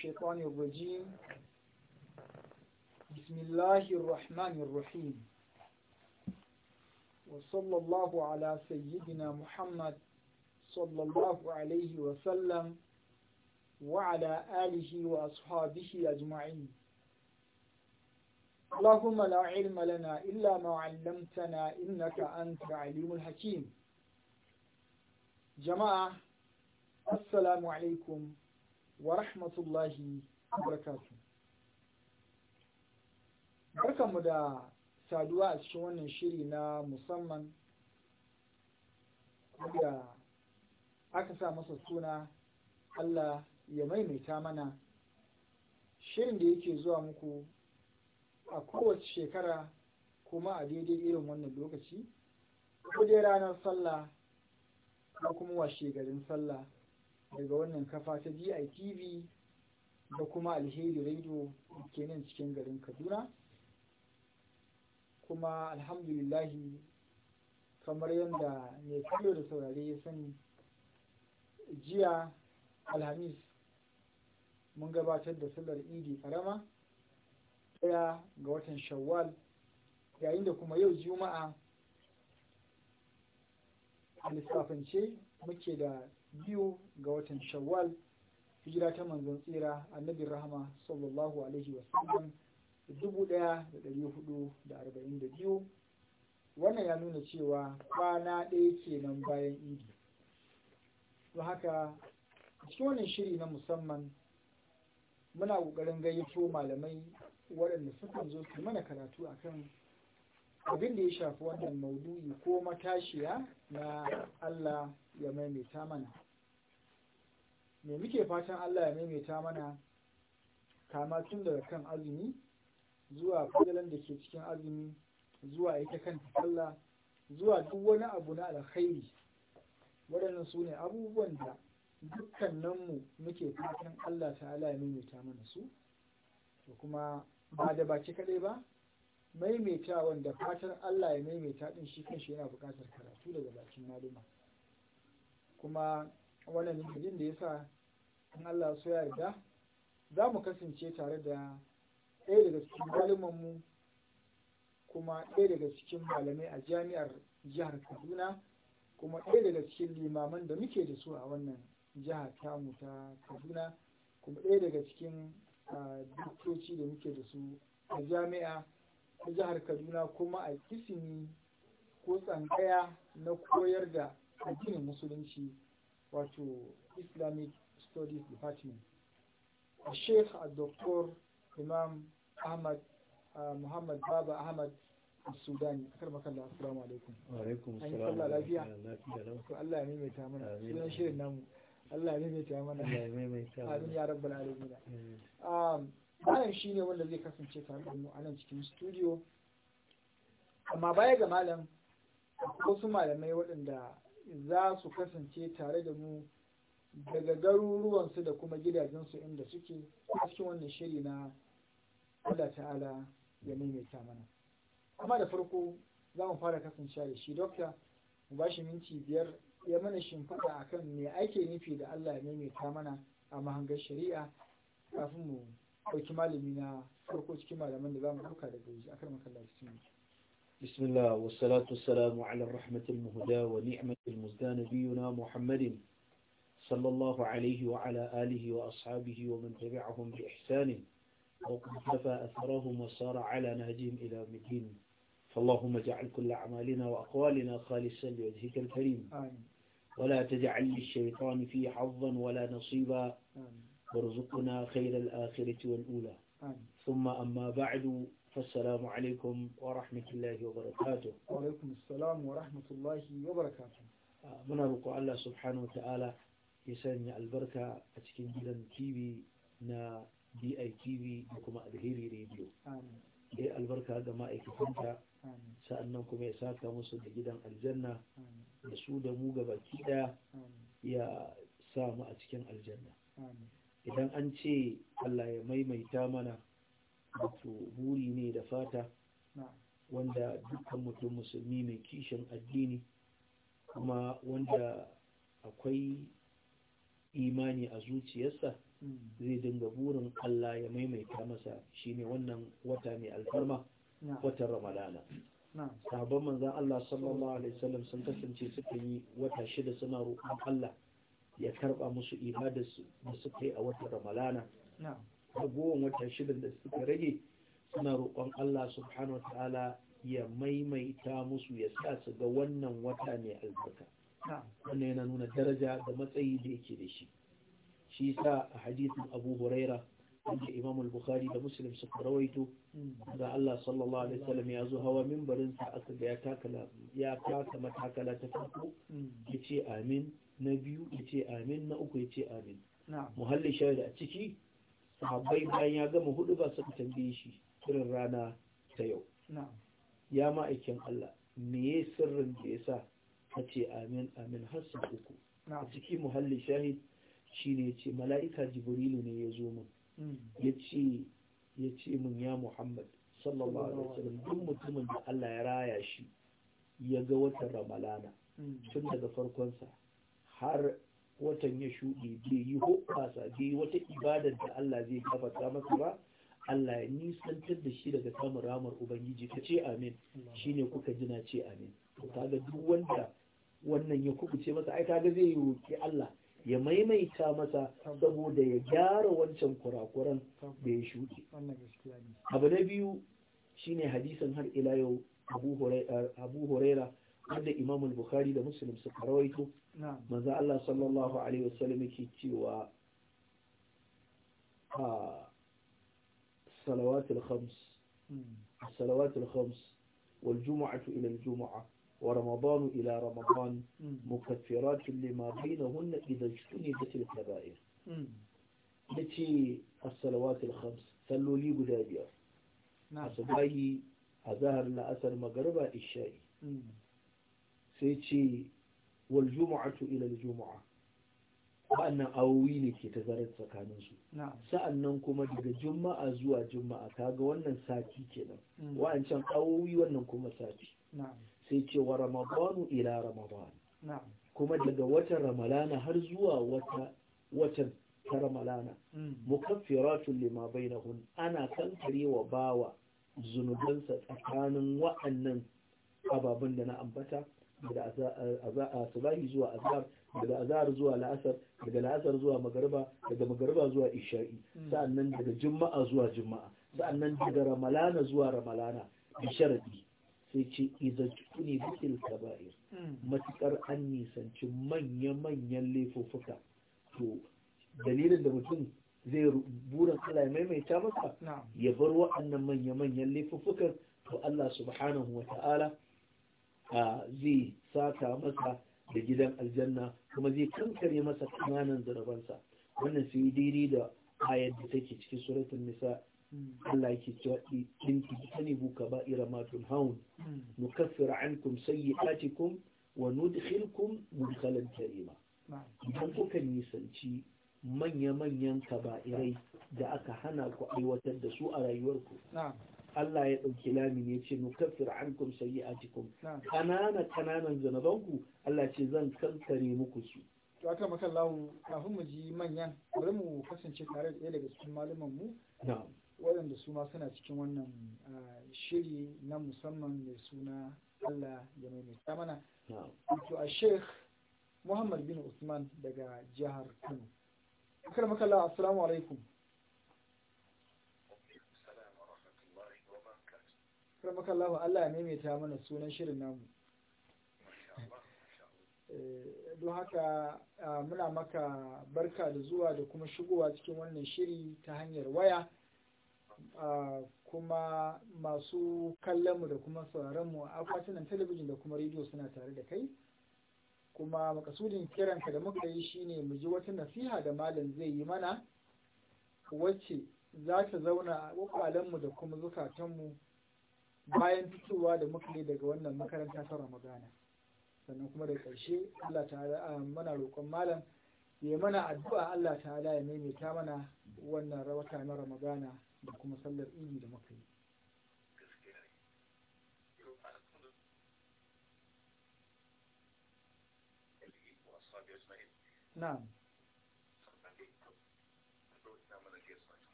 الشيطان الرجيم بسم الله الرحمن الرحيم وصلى الله على سيدنا محمد صلى الله عليه وسلم وعلى آله وأصحابه أجمعين اللهم لا علم لنا إلا ما علمتنا إنك أنت عليم الحكيم جماعة السلام عليكم wa rahmatullahi barakatu. Barkanmu da saduwa a cikin wannan shiri na musamman da aka sa masa suna Allah ya maimaita mana shirin da yake zuwa muku a kowace shekara kuma a daidai irin wannan lokaci ko dai ranar sallah ko kuma washe garin sallah daga wannan kafa ta G.I.T.V, da kuma alheri radio ke nan cikin garin Kaduna kuma alhamdulillahi kamar yadda mai kallo da saurare ya sani jiya alhamis mun gabatar da sallar idi karama daya ga watan shawwal yayin da kuma yau juma'a a lissafance muke da biyu ga watan shawwal hijira ta manzon tsira annabi rahama sallallahu alaihi sallam dubu ɗaya da dari hudu da arba'in da biyu wannan ya nuna cewa kwana ɗaya kenan bayan idi don haka cikin wannan shiri na musamman muna ƙoƙarin gayyato malamai waɗanda sukan zo su mana karatu akan abin da ya shafi wannan maudu'i ko matashiya na Allah ya maimaita mana me muke fatan Allah ya maimaita mana kama tun daga kan azumi zuwa fadalan da ke cikin azumi zuwa ita kan Allah zuwa duk wani abu na alkhairi waɗannan su ne abubuwan da dukkaninmu muke fatan Allah ta'ala ya maimaita mana su da kuma ba da baki kaɗai ba maimaita wanda fatan Allah ya maimaita ɗin shi kan shi yana buƙatar karatu daga bakin maluma kuma wannan dalilin da ya sa in Allah so yarda za mu kasance tare da ɗaya daga cikin malumanmu mu kuma ɗaya daga cikin malamai a jami'ar jihar Kaduna kuma ɗaya daga cikin limaman da muke da su a wannan jiha tamu ta Kaduna kuma ɗaya daga cikin ah, doktoci da muke da su a jami'a ta jihar kaduna kuma a kisimi ko tsankaya na koyar da addinin musulunci wato islamic studies department a sheikh a doktor imam ahmad muhammad baba ahmad sudani kar makalla assalamu alaikum alaikum allah ya maimaita mana sunan shirin namu allah ya maimaita mana amin ya rabbal alamin um, malam shi ne wanda zai kasance tare da mu a nan cikin studio amma baya ga malam wasu malamai waɗanda za su kasance tare da mu daga garuruwansu da kuma gidajensu inda suke a cikin wannan shiri na Allah ta'ala ya maimaita mana amma da farko za mu fara kasancewa da shi dokta mu ba shi minti biyar ya mana shimfiɗa akan me ake nufi da Allah ya maimaita mana a mahangar shari'a kafin mu ɗauki malami na farko cikin malaman da za mu ɗauka daga بسم الله والصلاة والسلام على الرحمة المهدى ونعمة المزدى نبينا محمد صلى الله عليه وعلى آله وأصحابه ومن تبعهم بإحسان وقفى أثرهم وصار على نهجهم إلى مدين فاللهم اجعل كل أعمالنا وأقوالنا خالصا لوجهك الكريم آمين. ولا تجعل للشيطان في حظا ولا نصيبا آمين. وارزقنا خير الآخرة والأولى ثم أما بعد فالسلام عليكم ورحمة الله وبركاته وعليكم السلام ورحمة الله وبركاته muna roƙo Allah subhanahu ta'ala ya sanya albarka a cikin gidan TV na DITV da kuma alheri radio ya yi albarka ga ma'aikatanta sannan kuma ya saka musu da gidan aljanna da su da mu gaba ɗaya ya sa mu a cikin aljanna idan an ce Allah ya maimaita mana wato buri ne da fata wanda dukkan mutum musulmi mai kishin addini kuma wanda akwai imani a zuciyarsa zai dinga burin Allah ya maimaita masa shine wannan wata mai alfarma watan ramadana sabon manzan Allah sallallahu alaihi wasallam sun kasance suka yi wata shida suna roƙon Allah ya karba musu ibadarsu da suka yi a watan ramalana ragowar wata shirin da suka rage suna roƙon Allah subhanahu wa ya maimaita musu ya sa su ga wannan wata mai albarka wannan yana nuna daraja da matsayi da yake da shi shi sa a hadisin abu huraira wanda imam al-bukhari da muslim suka rawaito da Allah sallallahu alaihi wasallam ya zo hawa mimbarin sa aka ga ya takala ya taka matakala ta farko yace amin na biyu yace amin na uku yace amin muhalli shahid a ciki sahabbai bayan ya gama hudu ba su tambaye shi irin rana ta yau ya ma'aikin Allah meye sirrin da yasa ka ce amin amin har sau uku a ciki muhalli shahid shine ce mala'ika jibrilu ne ya zo mun Ya ce mun ya Muhammad sallallahu alaihi wasallam duk mutumin da Allah ya raya shi ya ga watan Ramalana mm. tun daga farkonsa har watan ya shuɗe bai yi hoɓasa bai yi wata ibadar da Allah zai gafarta masa ba Allah ya nisantar da shi daga samun ramar Ubangiji ka ce amin shine kuka jina ce amin to kaga duk wanda wannan ya kubuce masa ai kaga zai roki Allah ya maimaita masa saboda ya gyara wancan kurakuran da ya shuke abu na biyu shine hadisin har ila yau abu huraira wanda imam bukhari da muslim suka rawaito manzo Allah sallallahu alaihi wasallam yake cewa ah, salawatul khams hmm. salawatul khams wal jumu'atu ila al ورمضان إلى رمضان مكفرات لما بينهن إذا اجتنبت الكبائر التي الصلوات الخمس صلوا لي قدابير أصبعي أظهر لأثر مغربة إشائي سيتي والجمعة إلى الجمعة wa'annan awowi ne ke ta zarar tsakaninsu sa'annan kuma daga juma'a zuwa juma'a kaga wannan sati kenan wa'ancan awowi wannan kuma sati sai ce wa ramadanu ila ramadan kuma daga watan ramalana har zuwa watan ta ramalana mm. mukaffiratun lima bainahun ana kankare wa bawa zunubansa tsakanin wa'annan ababen da na ambata daga Asubahi zuwa azhar daga azhar zuwa la'asar daga la'asar zuwa magariba daga magariba zuwa isha'i mm. sa'annan daga juma'a zuwa juma'a sa'annan daga ramalana zuwa ramalana bi sharadi sai ce idan ne bikin kaba'ir hmm. matukar an nisanci manya-manyan laifuffuka to dalilin da mutum zai burin Allah ya maimaita maka ya bar wa'annan manya-manyan laifuffukan to Allah subhanahu wa ta'ala zai saka masa da gidan aljanna kuma zai kankare masa kananan zarabansa wannan sai daidai da ayar da take cikin suratun nisa Allah yake cewa in mu kaba'ira ma tunhaun hmm. nukaffiru ankum sayyi'atikum wa nudkhilkum mudkhalan karima idan kuka nisanci manya-manyan kaba'irai da aka hana ku aiwatar da su a rayuwarku Allah ya ɗauki lamin ya ce sayi ankum sayyi'atikum kanana kananan zanabanku Allah ce zan kankare muku su to aka kafin mu ji manyan bari mu kasance tare da ɗaya daga cikin malaman mu na'am waɗanda su ma suna cikin wannan shiri na musamman mai suna Allah ya maimaita mana. Wato a Sheikh Muhammad bin Usman daga jihar Kano. Akar makalla assalamu alaikum. Akar makalla Allah ya maimaita mana sunan shirin namu. Eh, don haka muna maka barka da zuwa da kuma shigowa cikin wannan shiri ta hanyar waya. kuma masu kallonmu da kuma sauraronmu a akwatunan talabijin da kuma rediyo suna tare da kai kuma makasudin kiranka da muka yi shine mu ji wata nasiha da malam zai yi mana wacce za ta zauna a kwakwalenmu da kuma zukatanmu bayan fitowa da muka yi daga wannan makaranta ta ramadana sannan kuma da ƙarshe Allah ta'ala mana roƙon malam ya mana addu'a Allah ta'ala ya maimaita mana wannan rawata na ramadana da kuma sallar iri da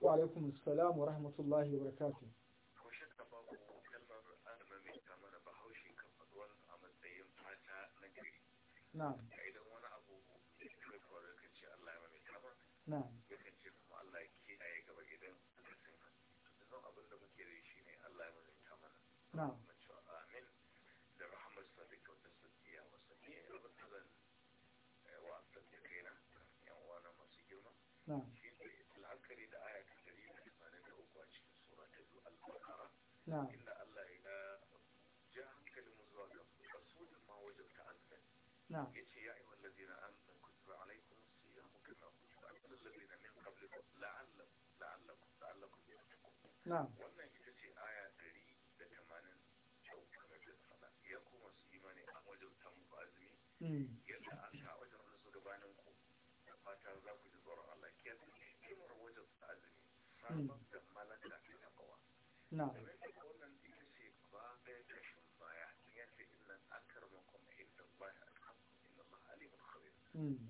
وعليكم السلام ورحمة الله وبركاته نعم yakan ce kuma Allah ya gaba idan aka muke shi ne Allah ya mazinta amin da rahmar sa da kyau eh, da da yan uwana masu girma shi da aya ta dari da cikin sura ta biyu al-baqara inda Allah ya mu zuwa ga rasulun ma wajen wannan ita ce aya ɗari da tamanin shaukan da su yi mani hmm. a wajen tamu azumi yadda an ka wajen ji Allah ke su ke kimar wajen hmm. ta azumi sabon da ta tabawa domin daga wannan ita ce ba baya in yace akar a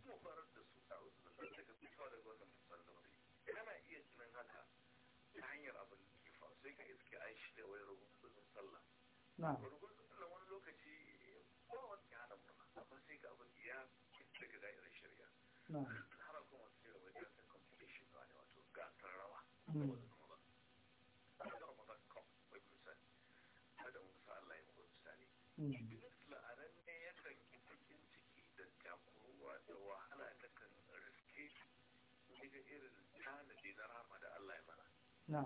na wani lokaci ba wani sai ga abin ya daga da'irar shari'a na har hmm. kuma sai ga wani yankin competition ba ne ne yakan yi bakin ciki da takuruwa wahala da irin tanadi na rama da Allah ya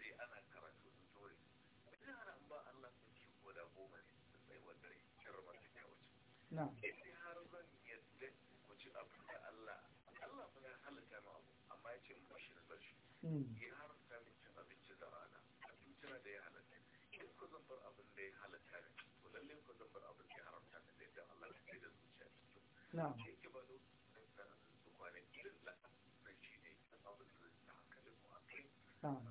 ya haramta min cin abinci da rana abinci na da ya halatta in ku zan abin da ya halatta ne lalle ku abin da ya haramta ne da yadda Allah da zuciya ta to na'am sai ki bado kwanan da shi ne abin da zai ta mu a kai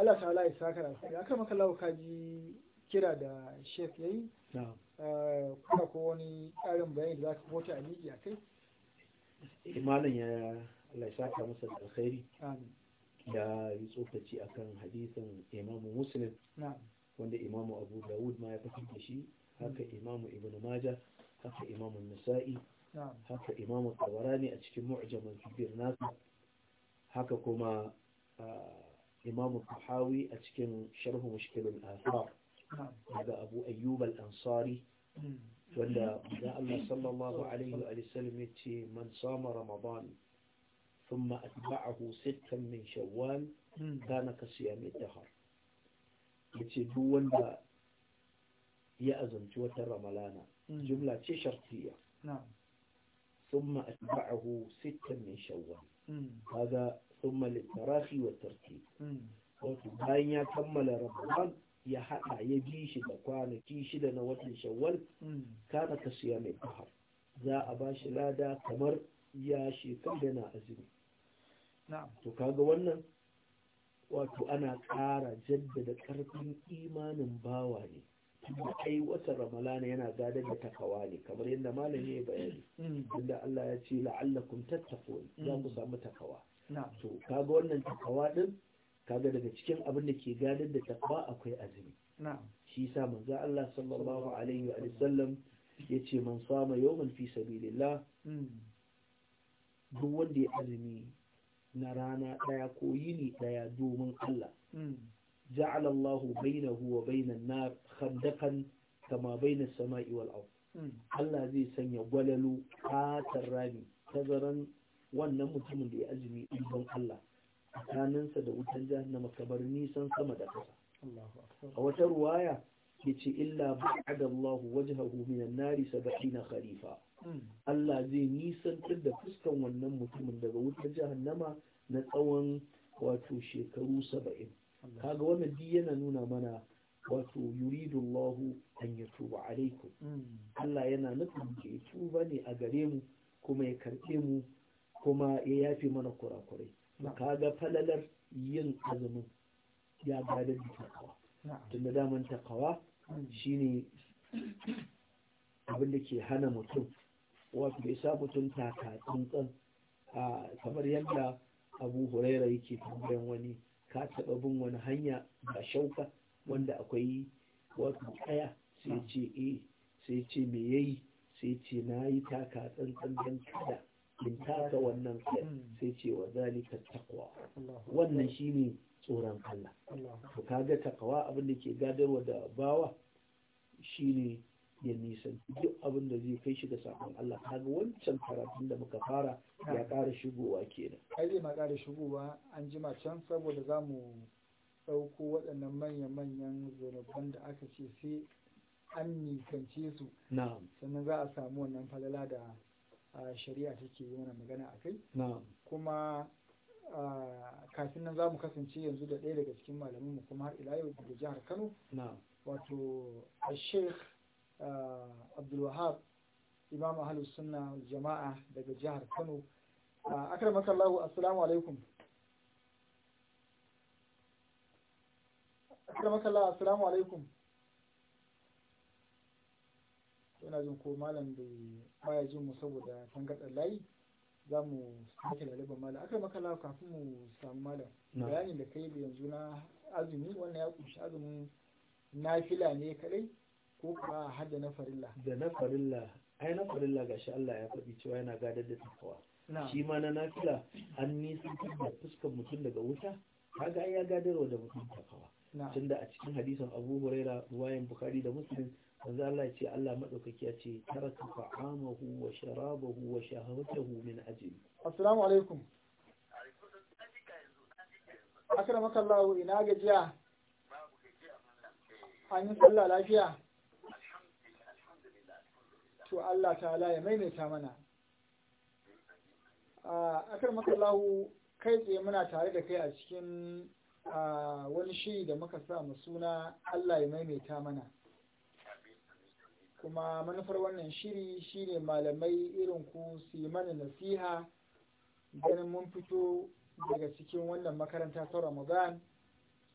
Allah ta wala isa da alkhairi akan maka lawo ji kira da shek yayi eh, kuma ko wani karin bayani da zaka kota a miji kai. Eh, malam ya Allah ya saka masa da amin ya yi tsokaci akan hadisin imam muslim wanda imamu abu dawud ma ya fitar da shi haka imamu ibn majah haka imamu nasa'i haka imamu tabarani a cikin mu'jamul kabir nasa haka kuma ah, imam Bukhari a cikin sharh mushkilul athar daga Abu Ayyub al-Ansari wanda da Allah sallallahu alaihi wa sallam yace man sama Ramadan ثم أتبعه ستا من شوال ka كصيام الدهر yace duk wanda ya azumci wata ramalana jumla ce shartiya thumma atba'ahu sittan min shawwal hmm. kaga ثم للتراخي والترتيب wato bayan ya kammala ramadan ya haɗa ya bi shi da kwanaki shida na watan shawwal kana ka siya mai kahar za a ba shi lada kamar ya shekar yana azumi to kaga wannan wato ana ƙara jaddada ƙarfin imanin bawa ne ai watan ramalana yana gadar da takawa ne kamar yadda malami ya bayani inda Allah ya ce la'allakum tattaqun za ku samu takawa so kaga wannan takawa din kaga daga cikin abin da ke gadar da takawa akwai azumi shi sa manzo Allah sallallahu alaihi wa sallam yace man sama yawman fi sabilillah mm. duk wanda ya azumi na rana daya ko yini daya domin Allah mm. ja'ala Allah bainahu wa bainan nar khandaqan kama baina sama'i wal ard mm. Allah zai sanya gwalalu katar rami tazaran wannan mutumin da ya azumi ɗiban Allah tsakaninsa da wutan jahannama kamar nisan sama da ƙasa a wata ruwaya ya ce illa ba'ada Allah waje minan nari na Khalifa. Hmm. Allah zai nisantar da fuskan wannan mutumin daga wutan jahannama na tsawon wato shekaru saba'in kaga wannan duk yana nuna mana wato yuridu Allahu an yatuba alaikum hmm. Allah yana nufin da tuba ne a gare mu kuma ya karɓe mu kuma ya yafi mana kurakurai kaga falalar yin azumin ya gada da takawa tun da daman takawa hmm. shine abin da ke hana mutum wato bai sa mutum taka A kamar yadda abu huraira yake tambayan wani ka taɓa bin wani hanya ba shauka wanda akwai wato tsaya sai ce eh sai ce me yayi sai ce na yi taka tsantsan don kada in taka wannan kai, sai ce wa zalika taqwa wannan shine tsoron Allah to kaga taqwa abin da ke gadarwa da bawa shine ya nisan duk abin da zai kai shi ga sakon Allah kaga wancan karatun da muka fara ya ƙara shigowa kenan ai zai ma ƙara shigowa an jima can saboda zamu ɗauko waɗannan manya-manyan zunuban da aka ce sai an nisance su sannan za a samu wannan falala da shari'a take yi mana magana a kai kuma kafin nan za mu kasance yanzu da ɗaya daga cikin malamin mu kuma har ila yau da jihar kano wato a sheikh abdulwahab imam ahalus sunna jama'a daga jihar kano akramaka allahu assalamu alaikum akramaka allahu assalamu alaikum yana jin ko malam bai baya jin mu saboda tangarɗar layi za mu sake laliban malam aka makala kafin mu samu malam bayanin da kai da yanzu na azumi wannan ya kunshi azumin nafila ne kadai ko kuma hada na farilla da na farilla ai na farilla gashi Allah ya faɗi cewa yana gadar da takawa shi ma na nafila an nisan da fuskar mutum daga wuta kaga ai ya gadarwa da mutum takawa tunda a cikin hadisin Abu Huraira ruwayan Bukhari da Muslim wanzu Allah ya ce Allah maɗaukaki ya ce taraka fa'amahu wa sharabahu wa shahawatahu min ajli assalamu alaikum akira maka Allah ina gajiya an yi sallah lafiya to Allah ta'ala ya maimaita mana akira maka Allah kai tsaye muna tare da kai a cikin wani shi da muka sa mu suna Allah ya maimaita mana kuma manufar wannan shiri shine malamai irin ku su yi mana nasiha ganin mun fito daga cikin wannan makaranta ta ramadan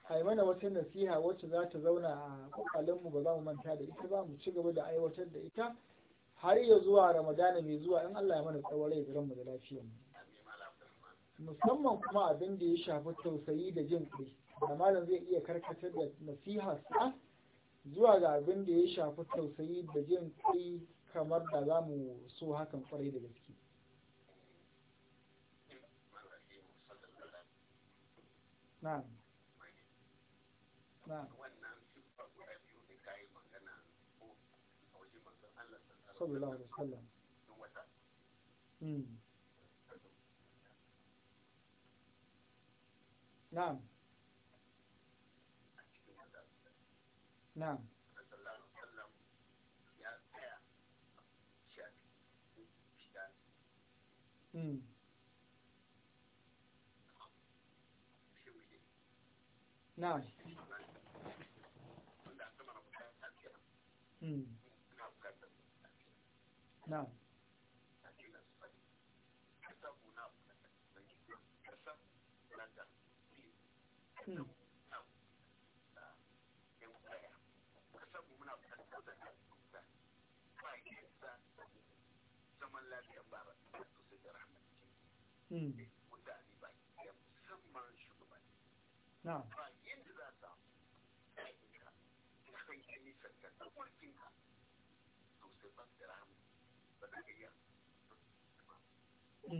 a mana wata nasiha wacce za ta zauna a kwakwalinmu ba za mu manta da ita ba mu ci gaba da aiwatar da ita har ya zuwa ramadana mai zuwa in allah ya mana tsawarai rai mu da lafiyar musamman kuma abin da ya shafi tausayi da jin kai da malam zai iya karkatar da nasiha sa zuwa ga abin da ya shafi tausayi da jin kai kamar da za mu so hakan kwarai da gaske na'am na'am hmm. na'am na'am Mm. Na'am. Mm. Na'am. Mm. zaman lafiyar baba da su hmm. eh, ke za ta da kanka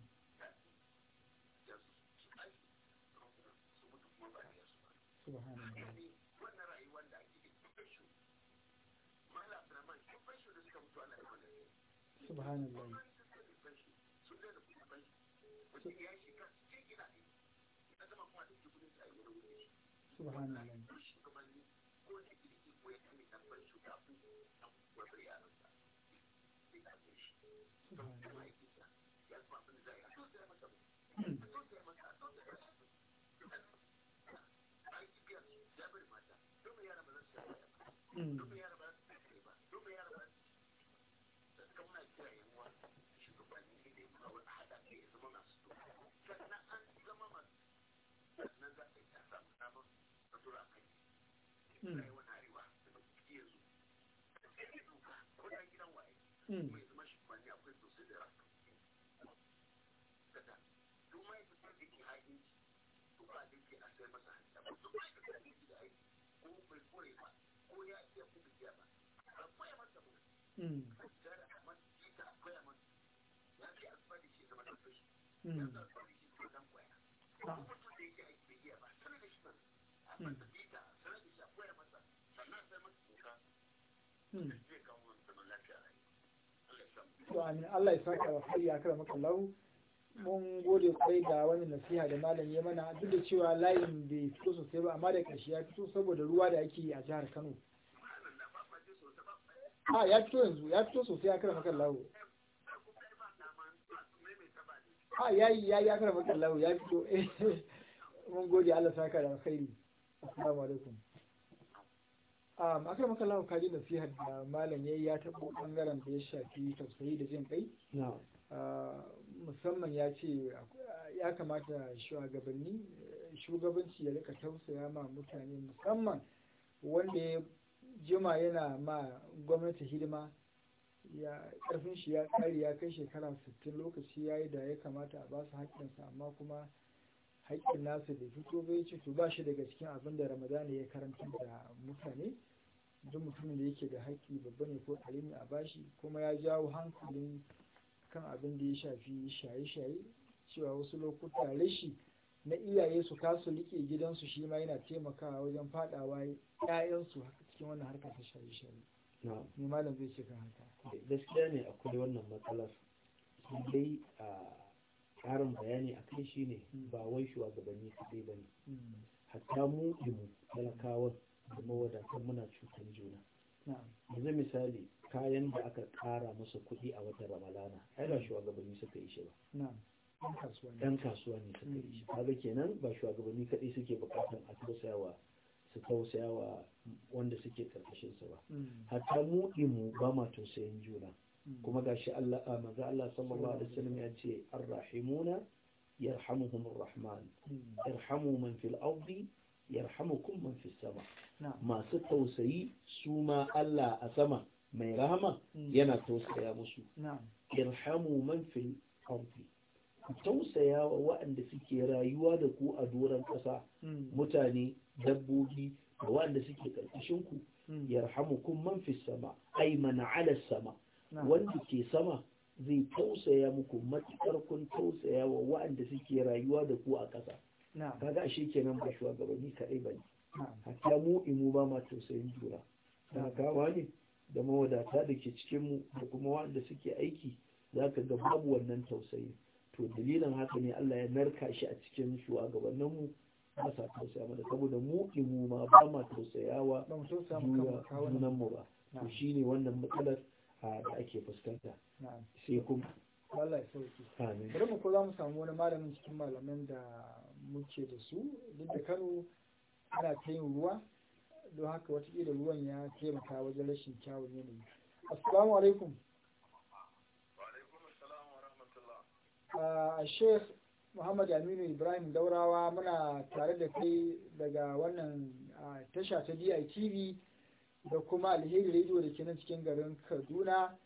subhanallah subhanallah hmm. Hmm. Mm. amin Allah ya saka wa sai ya kara maka lahu mun gode kwai da wani nasiha da malam ya mana duk da cewa layin bai fito sosai ba amma da karshe ya fito saboda ruwa da ake a jihar Kano a ya fito yanzu ya fito sosai ya kara maka lahu a ya yi ya ya kara maka lahu ya fito mun gode Allah saka da alkhairi assalamu alaikum akwai makalawa kaji nasiha da malam ya yi ya taɓo ɓangaren da ya shafi tausayi da jin kai musamman ya ce ya kamata shugabanni shugabanci ya rika tausaya ma mutane musamman wanda ya jima yana ma gwamnati hidima ya karfin shi ya kare ya kai shekara 60 lokaci ya yi da ya kamata a basu haƙƙinsa amma kuma haƙƙin nasu da fito bai ce to ba shi daga cikin abin da ramadana ya karanta da mutane duk mutumin da yake da haƙƙi babba ne ko ƙarami a bashi kuma ya jawo hankalin kan abin da ya shafi shaye-shaye cewa wasu lokuta rashi na iyaye su kasu riƙe gidansu shi ma yana taimakawa wajen faɗawa ƴaƴansu cikin wannan harka ta shaye-shaye ni malam zai ce kan haka gaskiya ne akwai wannan matsalar dai a ƙarin bayani a kai shi ne hmm. ba wai shugabanni kaɗai ba ne hmm. hatta mu mu talakawan da wadatar muna cutar juna yanzu misali kayan da aka kara masa kuɗi a watan ramalana ai ba shugabanni suka yi shi ba ɗan kasuwa ne suka yi shi mm. kaga kenan ba shugabanni kaɗai suke buƙatar a tausayawa su tausayawa wanda suke karkashin ba mm. hatta mu imu ba ma tausayin juna mm. kuma gashi Allah maza Allah sallallahu alaihi wasallam ya ce arrahimuna yarhamuhumur rahman irhamu man fil ardi yarhamukum man fi sama masu tausayi su ma Allah a sama mai rahama mm. yana tausaya musu irhamu man fil ardi tausaya wa waɗanda suke rayuwa da ku a doron ƙasa mm. mutane dabbobi da waɗanda suke ƙarƙashin ku mm. yarhamukum man fi sama ay man ala sama wanda ke sama zai tausaya muku matuƙar kun tausaya wa waɗanda suke rayuwa da ku a ƙasa ga ashe kenan ba shugabanni kaɗai ba ne hatta mu imu ba ma tausayin jura da kawa ne da mawadata da ke cikin mu da kuma wanda suke aiki za ka ga babu wannan tausayi to dalilin haka ne Allah ya narka shi a cikin shugabannin mu ba sa tausaya mana saboda mu imu ma ba ma tausayawa junan mu ba to shi ne wannan matsalar da ake fuskanta sai kuma Allah ya sauke. Amin. Bari mu ko za mu samu wani malamin cikin malaman da muke da su duk da kano ana ta yin ruwa don haka watakila ruwan ya taimaka wajen rashin kyawun yanayi assalamu alaikum a ah, sheikh muhammad aminu ibrahim daurawa muna tare da kai daga wannan tasha ta ditv da kuma alheri radio da ke nan cikin garin kaduna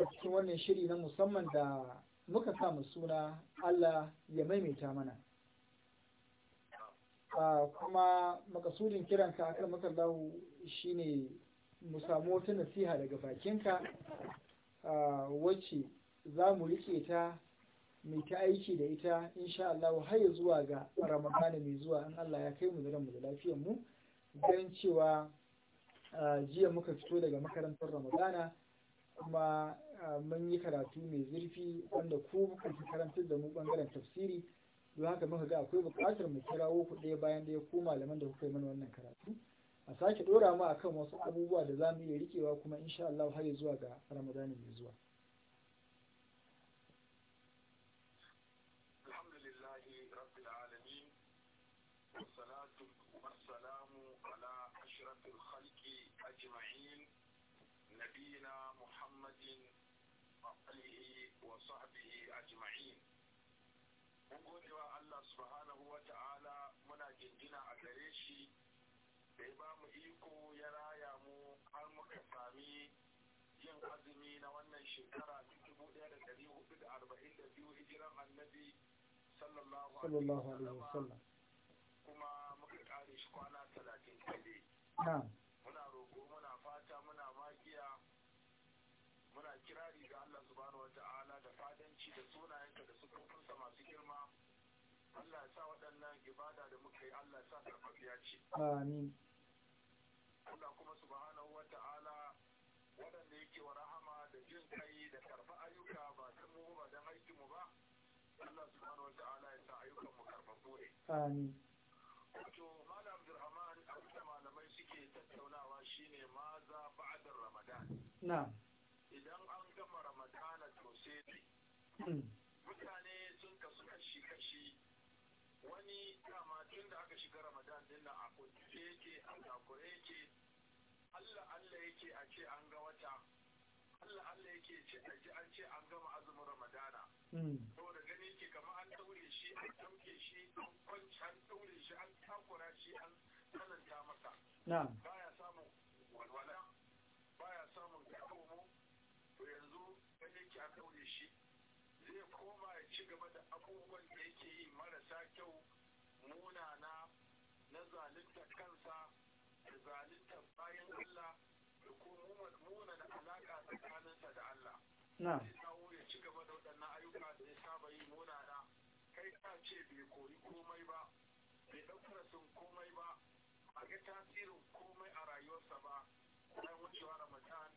a cikin wannan shiri na musamman da muka samu suna allah ya maimaita mana kuma makasudin kiranka a kan shi ne mu samu wata nasiha daga bakinka wacce za mu rike ta mai ta aiki da ita insha Allah har zuwa ga ramadana mai zuwa in Allah ya kai mu da mu da lafiyar mu don cewa jiya muka fito daga makarantar ramadana kuma mun yi karatu mai zurfi wanda ku kuka karantar da mu bangaren tafsiri don haka muka ga akwai bukatar mu kirawo ku ɗaya bayan ya ko malaman da kuka yi mana wannan karatu a sake dora mu akan wasu abubuwa da za mu iya rikewa kuma insha Allah har zuwa ga Ramadan mai zuwa. alhamdulillahi ala نبينا wasu وآله a أجمعين mun gode wa Allah subhanahu wa ta'ala muna jingina a gare shi da ya ba mu iko ya raya mu har muka sami yin azumi na wannan shekara biyu hijiran annabi sallallahu alaihi wasallam kuma muka kare shi kwana talatin kaɗai. Allah ya sa waɗannan ibada da muka yi Allah ya sa karfafiya ce. Amin. Allah kuma subhanahu wa ta'ala waɗanda yake wa rahama da jin kai da karfa ayyuka ba ta mu ba dan aiki mu ba. Allah subhanahu wa ta'ala ya sa ayyukan mu karfafu ne. Amin. Wato Malam Abdulrahman abin da malamai suke tattaunawa shine maza ba'adar Ramadan. Na'am. Idan an gama Ramadana to sai shi dama tun da aka shiga ramadan din nan a kunce yake a takure yake allah allah yake a ce an ga wata allah allah yake ce a ji an ce an gama azumin ramadana saboda gani yake kama an daure shi an ɗauke shi an kwanci an daure shi an takura shi an tsananta masa baya samun walwala baya samun kakomo to yanzu gani an daure shi zai koma ya ci gaba da abubuwan da yake yi marasa kyau zaluntar kansa da zaluntar bayan Allah da kuma mummuna da alaka tsakaninsa da Allah. Na. ya ci gaba da waɗannan ayyuka da ya saba yi munana, kai ka ce bai koyi komai ba, bai ɗaukar sun komai ba, a ga tasirin komai a rayuwarsa ba, wucewa Ramadan,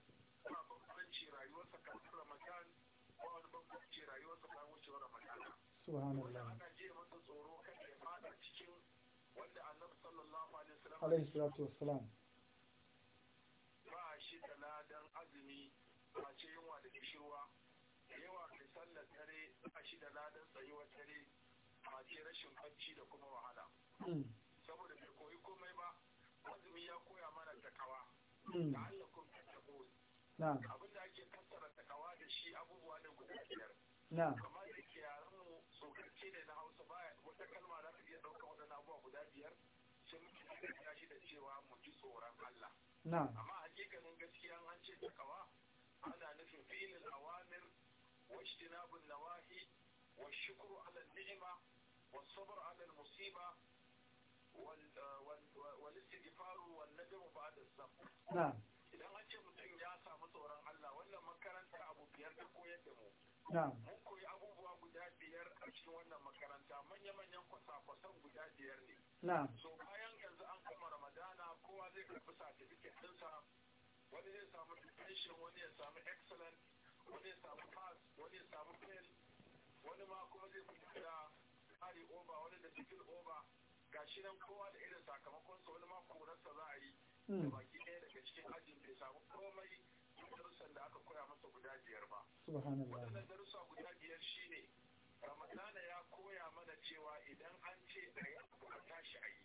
ba bambanci rayuwarsa kafin Ramadan, ba wani bambanci rayuwarsa wucewa Ramadan. Subhanallah. je masa tsoro kada ya fada cikin wanda annabi alaihi salatu wassalam ba shi da ladan azumi ba ce yunwa da kishirwa da yawa da sallar dare ba shi da ladan tsayuwar dare ba ce rashin bacci da kuma wahala hmm. saboda bai koyi komai ba azumi ya koya mana takawa hmm. da Allah kun tattabo abinda ake tattara takawa da shi abubuwa da guda biyar sai shi da cewa mu tsoron Allah amma hakikanin gaskiya an ce takawa ana nufin filin awamir wa ijtinabun nawahi wa shukru ala ni'ima wa sabr ala musiba wal istighfaru wan najmu ba'da zam idan an ce mutum ya samu tsoron Allah wannan makaranta abu biyar ta koyar da mu mun koyi abubuwa guda biyar a cikin wannan makaranta manya-manyan kwasa-kwasan guda biyar ne so zai karɓi certificate ɗinsa wani zai samu detention wani ya samu excellent wani ya samu pass wani ya samu fail wani ma kuma zai fita da hari over wani da cikin over ga shi nan kowa da irin sakamakonsa wani ma korarsa za a yi da baki ɗaya daga cikin ajin bai samu komai darussan da aka koya masa guda biyar ba. Waɗannan darussa guda biyar shi ne Ramadana ya koya mana cewa idan an ce a yi abu a tashi a yi.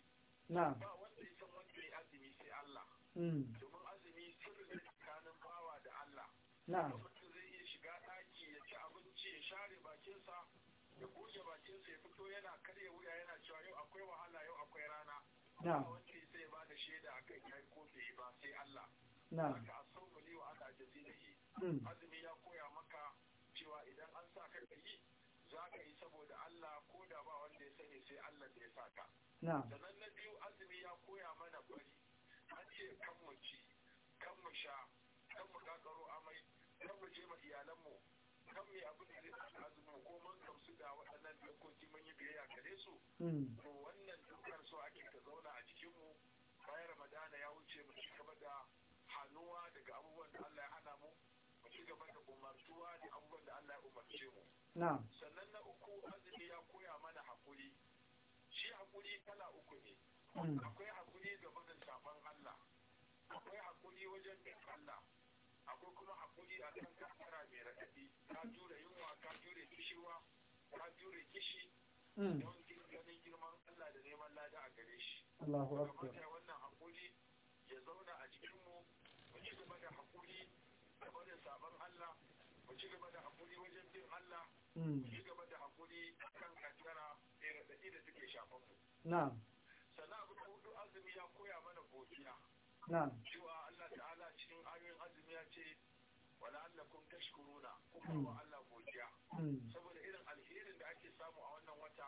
Ba domin mm. azumi sirri tsakanin bawa da Allah na'am mutum zai iya shiga ɗaki ya ci abinci ya share bakinsa ya goge bakinsa ya fito yana karya wuya yana cewa yau akwai wahala yau akwai rana na'am wanda ya sai bada shaida a kai ko bai ba sai Allah na'am ka asauka ne wa Allah jazilihi azumi ya koya maka cewa idan an sa ka yi za ka yi saboda Allah ko da ba wanda ya sani sai Allah da ya sa ka sannan na biyu azumi ya koya mana bari an ce kan mu ci kan mu sha kan mu amai kan mu je ma iyalanmu kan mu abu da zai azumu ko mun gamsu da waɗannan dokoki mun yi biyayya gare su hmm. to wannan dukkan so ake ta zauna a jikinmu bayan ramadana ya wuce mu ci gaba da hannuwa daga abubuwan da Allah ya hana mu mu ci gaba da umartuwa da abubuwan da Allah ya umarce mu sannan na uku azumi ya koya mana hakuri shi hakuri kala uku ne Mm. akwai hakuri ga barin shafan Allah akwai hakuri wajen bin Allah akwai kuma hakuri a kan kankara mai raɗaɗi ta jure yunwa ta jure kishiwa ta jure kishi mm. don ganin girman Allah da neman lada a gare shi Allahu akbar wannan hakuri ya zauna a cikin mu mu ci gaba da hakuri da barin sabon Allah mu ci gaba da hakuri wajen bin Allah mm. mu ci gaba da hakuri kan kankara mai raɗaɗi da suke shafan mu na'am cewa Allah ta'ala cikin ayoyin azumi ya ce wala allakum tashkuruna kuma wa hmm. Allah godiya hmm. saboda irin alherin da ake samu a wannan wata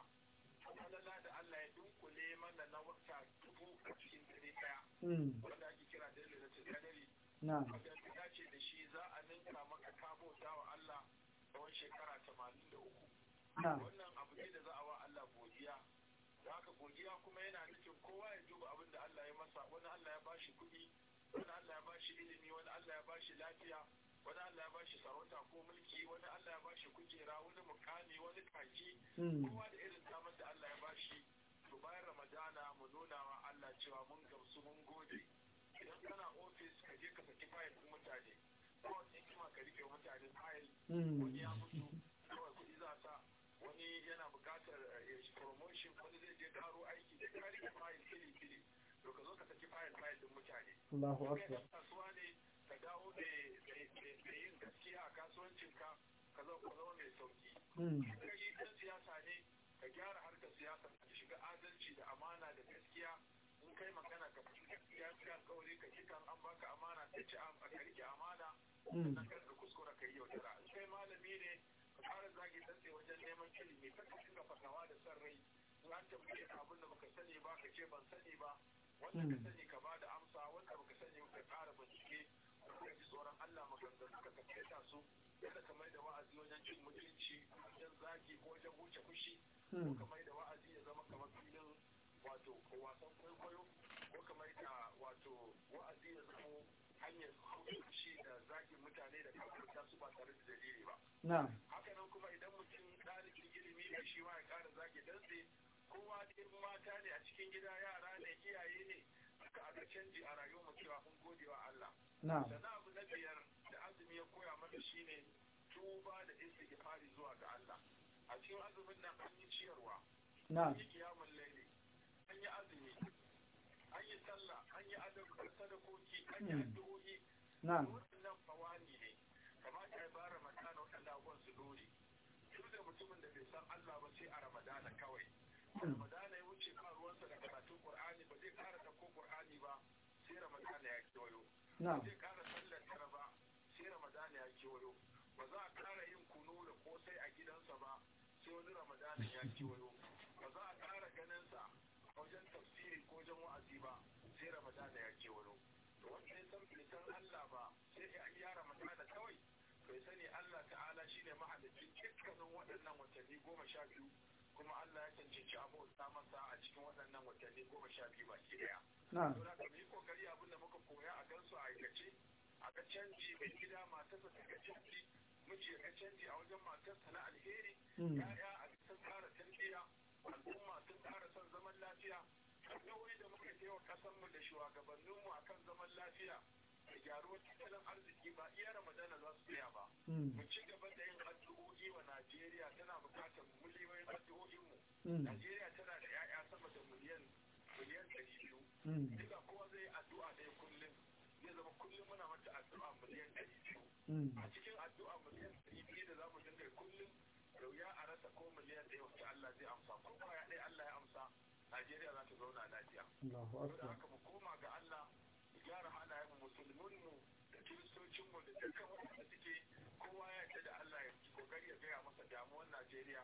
halala da Allah ya dunkule mana na wata dubu a cikin dare daya hmm. wanda ake kira da irin da kadari wanda ya da shi za a ninka maka kabo wa Allah tsawon shekara 83 wannan godiya kuma yana nufin kowa ya duba abin da Allah ya masa wani Allah ya bashi kuɗi wani Allah ya bashi ilimi wani Allah ya bashi lafiya wani Allah ya bashi sarauta ko mulki wani Allah ya bashi kujera wani mukami wani kaji hmm. kowa da irin damar da Allah ya bashi to bayan Ramadana mu nuna wa Allah cewa mun gamsu mun gode idan kana ofis ka je ka saki fayil mutane ko in kima ka rike mutane fayil hmm. wani ya mutu karo aiki da ka rike fayil fili fili to ka zo ka saki fayil fayil din mutane Allahu akbar kasuwa ne ka dawo da yin gaskiya a kasuwancin ka ka zo ka mai sauki hmm. ka yi dan siyasa ne ka gyara harkar siyasa ka shiga adalci da amana da gaskiya in kai magana ka fi gaskiya ka alƙawari ka ki kan an baka amana ka ci a ka rike amana hmm. sannan kar ka kuskura ka yi yaudara in kai malami ne ka fara zagi dantse wajen neman ilimi ka ka dinga zaka tambaye da abin da baka sani ba ka ce ban sani ba wanda ka hmm. sani ka ba da amsa wanda baka sani ka ƙara bincike ka ji tsoron Allah maganganu ka kakkata su yadda ka mai da wa'azi wajen cin mutunci wajen zaki ko wajen huce fushi ko hmm. ka mai da wa'azi ya zama kamar filin wato wasan kwaikwayo ko ka mai da wato wa'azi ya zama hanyar hukunci da zakin mutane da kafarta su ba tare da dalili ba. Haka nan kuma idan mutum ɗalibin ilimi ne shi ma ya ƙara zaki dantse kowa ne mata ne a cikin gida yara ne iyaye ne aka aka canji a rayuwar mu cewa mun gode wa Allah sannan abu na biyar da azumi ya koya mana shine tuba da istighfari zuwa ga Allah a cikin azumin nan an yi ciyarwa an yi kiyamun laili an yi azumi an yi sallah an yi sadakoki an yi addu'o'i wannan fawani ne kamata ya bara makana waɗanda abuwan su dore duk da mutumin da bai san Allah ba sai a ramadana kawai Ramadana ya wuce ba ruwansa da karatun Qur'ani ba zai da ko Qur'ani ba sai Ramadana ya kewayo. Ba zai kara sallar tara sai Ramadana ya kewayo. Ba za a kara yin kunu da kosai a gidansa ba sai wani Ramadana ya kewayo. Ba za a ƙara ganinsa a wajen tafsiri ko wajen wa'azi ba sai Ramadana ya kewayo. To wanda ya san bai Allah ba sai ya iya Ramadana kawai. Bai sani Allah ta'ala shine mahalicin cikakken waɗannan watanni goma sha biyu kuma Allah ya cancanci abota masa a cikin waɗannan watanni goma sha biyu baki ɗaya. Na. ka yi kokari abin da muka koya a gansu a aikace a ga canji mai gida matarsa ta ga canji miji ya ga canji a wajen matarsa na alheri hmm. ya'ya a sun ƙara tarbiyya al'umma sun ƙara son zaman lafiya nauyi da muka yi wa mu da shugabanninmu kan zaman lafiya da gyaruwar tattalin arziki ba iya ramadana za su tsaya ba. Hmm. Mu ci Mm. Najeriya tana da 'ya'ya sama da miliyan miliyan ɗari biyu. Mm. Duka kowa zai yi addu'a ɗaya kullum zai zama kullum muna mata addu'a miliyan ɗari biyu. Mm. A cikin addu'a miliyan ɗari biyu da zamu mu dinga kullum da wuya a rasa ko miliyan ɗaya wacce Allah zai amsa ko ya ɗaya Allah ya amsa Najeriya za ta zauna lafiya. Saboda haka mu koma ga Allah mu gyara halayen musulmanmu da kiristocinmu da dukkan wanda suke kowa ya yarda da Allah ya kokari ya gaya masa damuwar Najeriya.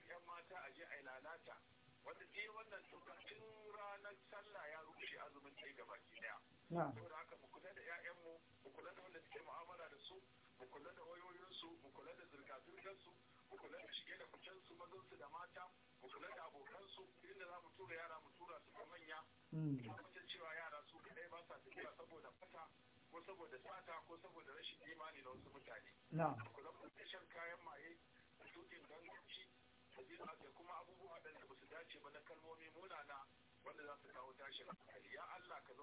wanda sai wannan tuka ranar sallah ya rushe azumin ɗaya gaba ki daya saboda haka mu kula da ƴaƴanmu mu kula da wanda suke mu'amala da su mu kula da wayoyinsu mu kula da zirga-zirgarsu mu kula da shige da ficensu mazansu da mata mu kula da abokansu inda za mu tura yara mu tura su ga manya hmm. tabbatar cewa yara su kaɗai ba sa tafiya saboda fata ko saboda sata ko saboda rashin imani na wasu mutane. Kula da shan kayan maye da kuma abubuwa waɗanda ba dace ba na kalmomi munana wanda za kawo hankali ya Allah da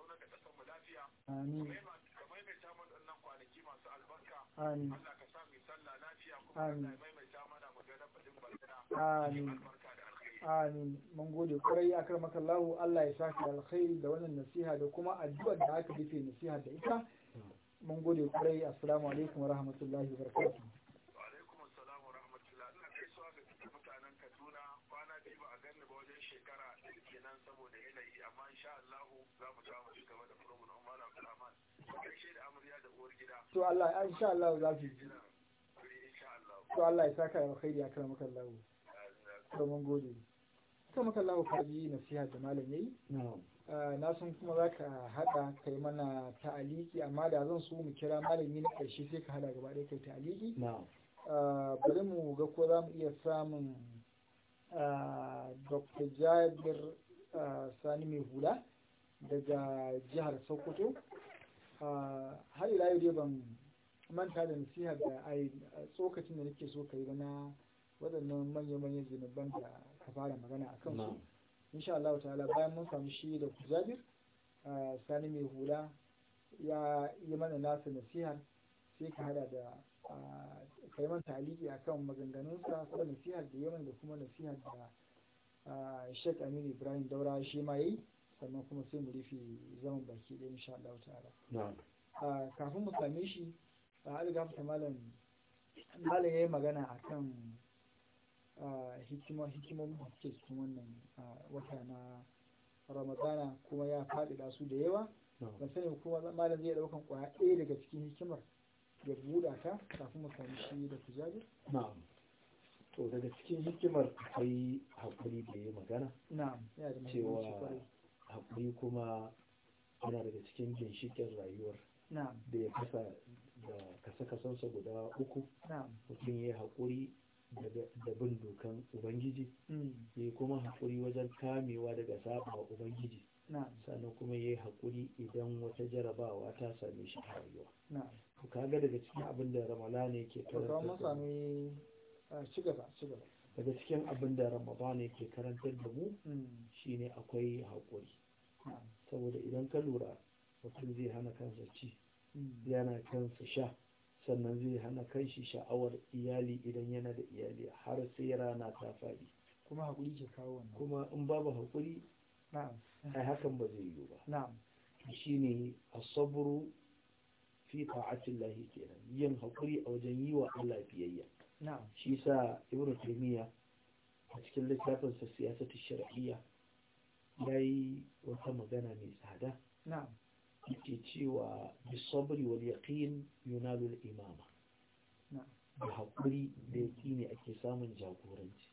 mu lafiya kwanaki masu albarka Allah ka sa Allah ya maimaita mana amin da alkhairi amin mun gode kwarai Allah ya alkhairi da wannan nasiha da kuma addu'ar da aka rufe nasiha da ita mun gode kwarai assalamu alaikum wa rahmatullahi wa to Allah ya insha Allah za su ji to Allah ya saka ya khairi ya karama kallahu to mun gode kuma kallahu ka ji nasiha da malam yayi na san kuma za ka haɗa kai mana ta'aliki amma da zan so mu kira malami na ƙarshe sai ka haɗa gaba ɗaya kai ta'aliki bari mu ga ko za mu iya samun dr jabir sani mai hula daga jihar sokoto har ila yau dai ban manta da nasiha da ai tsokacin da nake so ka kai na waɗannan manya-manyan zunuban da ka fara magana a kan insha Allah ta'ala bayan mun samu shi da kujabir sani mai hula ya yi mana nasa nasihar sai ka hada da kai man a akan maganganunsa kuma nasihar da yawan da kuma nasihar da shek Aminu Ibrahim Daura shi ma yayi sannan kuma sai mu rufe zaman baki ɗaya insha Allah ta'ala kafin mu same shi a algafta malam malam yayi magana akan hikima hikima da take cikin wannan wata na ramadana kuma ya faɗi su da yawa ban sani kuma malam zai ɗaukan kwaya ɗaya daga cikin hikimar ya buɗa ta kafin mu sami shi da tijabi na'am to daga cikin hikimar akwai hakuri da ya magana na'am ya da cewa haƙuri kuma yana daga cikin ginshiƙin rayuwar da ya kasa da kasa-kasansa guda uku mutum ya haƙuri da bin dokan ubangiji mm. ya kuma haƙuri wajen kamewa daga saba ubangiji sannan kuma ya yi haƙuri idan wata jarabawa ta same shi a rayuwa kaga daga cikin abin da ramalana yake karanta daga cikin abin da ramadana yake karantar da mu shine akwai haƙuri saboda idan ka lura mutum zai hana kansa ci yana kansa sha sannan zai hana kanshi sha'awar iyali idan yana da iyali har sai rana ta faɗi kuma haƙuri ke kawo wannan kuma in babu haƙuri ai hakan ba zai yiwu ba shi shine asabru fi ta'atillahi kenan yin haƙuri a wajen yi wa Allah biyayya shi sa ibn taymiya a cikin littafin sa siyasatu shar'iyya yayi wata magana mai tsada yake cewa sabri wal yaqin yunalu al imama da haƙuri da yaƙi ne ake samun jagoranci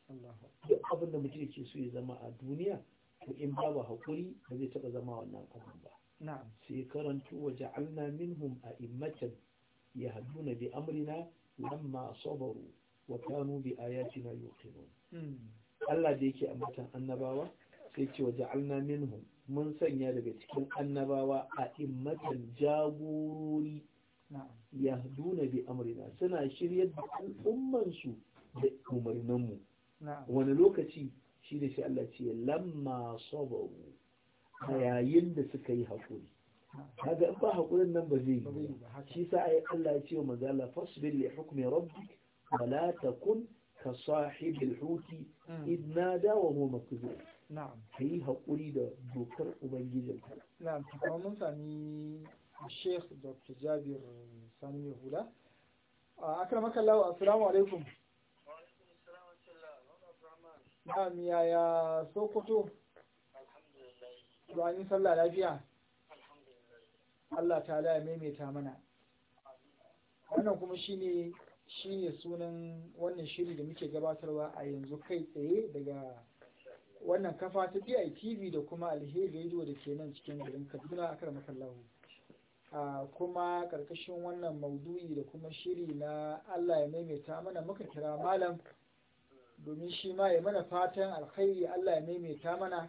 duk abin da mutum yake so ya zama a duniya to in babu haƙuri ba zai taɓa zama wannan abin ba sai karanto wa ja'alna minhum a'immatan yahduna bi amrina lamma Soboru wa kanu bi ayatina hmm. Allah da yake a matan annabawa sai ce waja'alna minhum mun sanya daga cikin annabawa a immatan jagorori yahduna bi amrina suna shiryar da al'umman su da umarninmu, wani lokaci shi da shi Allah ce lamma Soboru a yayin da suka yi haƙuri kaga in ba haƙurin nan ba zai shi sa ai Allah ya ce wa manzo Fasbil fasbir li hukmi rabbik wa la takun ka sahibil huti mm. id nada wa huwa makzub na'am kai haƙuri da dokar ubangiji na'am kuma mun sami Sheikh Dr. Jabir Sani mai hula. Akramaka assalamu alaikum. Na'am yaya Sokoto? Alhamdulillah. sallah lafiya. Allah ta ya maimaita mana wannan kuma shine shine sunan wannan shiri da muke gabatarwa a yanzu kai tsaye daga wannan kafa ta DITV da kuma alheri radio da ke nan cikin garin Kaduna a karmakallahu a kuma karkashin wannan maudu'i da kuma shiri na Allah ya maimaita mana muka kira malam domin shi ma ya mana fatan alkhairi Allah ya maimaita mana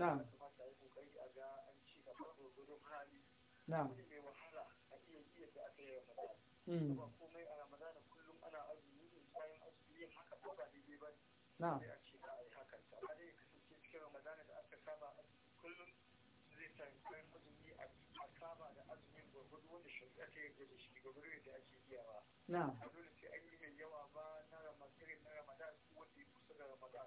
na'am na'am hmm. na'am Na'am. Dole sai an yi mai yawa ba na Ramadan na Ramadan wanda ya kusa da Ramadan.